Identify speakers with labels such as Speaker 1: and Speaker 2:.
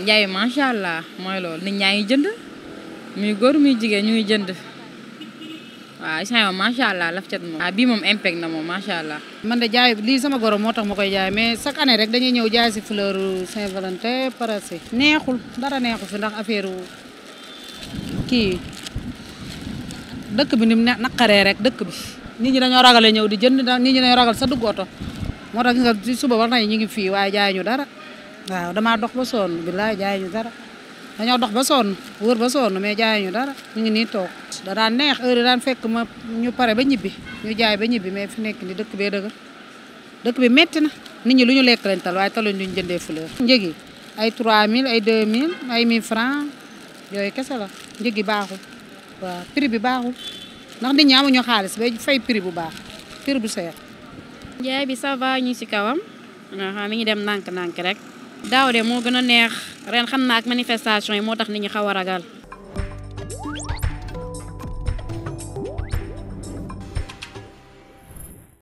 Speaker 1: njaay macha allah mooy loolu nit ñaa ngi jënd muy góor muy jigéen ñu ngi jënd waaw isaan yow macha allah laf cat moom. ah bii moom impact na moom macha allah.
Speaker 2: man de jaay lii sama gorom moo tax ma koy jaay mais chaque année rek dañuy ñëw jaay si fleur Saint-Valentin parasi neexul dara neexul fi ndax affaire ki dëkk bi ni mu naqaree rek dëkk bi. nit ñi dañoo ragale ñëw di jënd nit ñi dañoo ragal sa dugg oto moo tax gis nga ci suba ba tey ñu ngi fii waaye jaay ñu dara waaw damaa dox ba sonn billaay jaay ñu dara dañoo dox ba sonn wër ba sonn mais jaay ñu dara ñu ngi nii toog da daan neex heure daan fekk ma ñu pare ba ñibbi ñu jaay ba ñibbi mais fi nekk ni dëkk bee dëgër dëkk bi metti na nit ñi lu ñu lekk lañ tal waaye taluñ lu ñu jëndee fleur njëg yi ay 3000 ay 2000 ay 1000 francs yooyu kese la njëg yi baaxul waaw prix bi baaxul ndax nit ñi amuñu xaalis bay fay prix bu baax prix bu seer.
Speaker 3: njaay bi ça va ñu si kawam mi ngi dem nànk-nànk rek. daaw de moo gën a neex ren xam naa ak manifestation yi moo tax nit ñi xaw a ragal.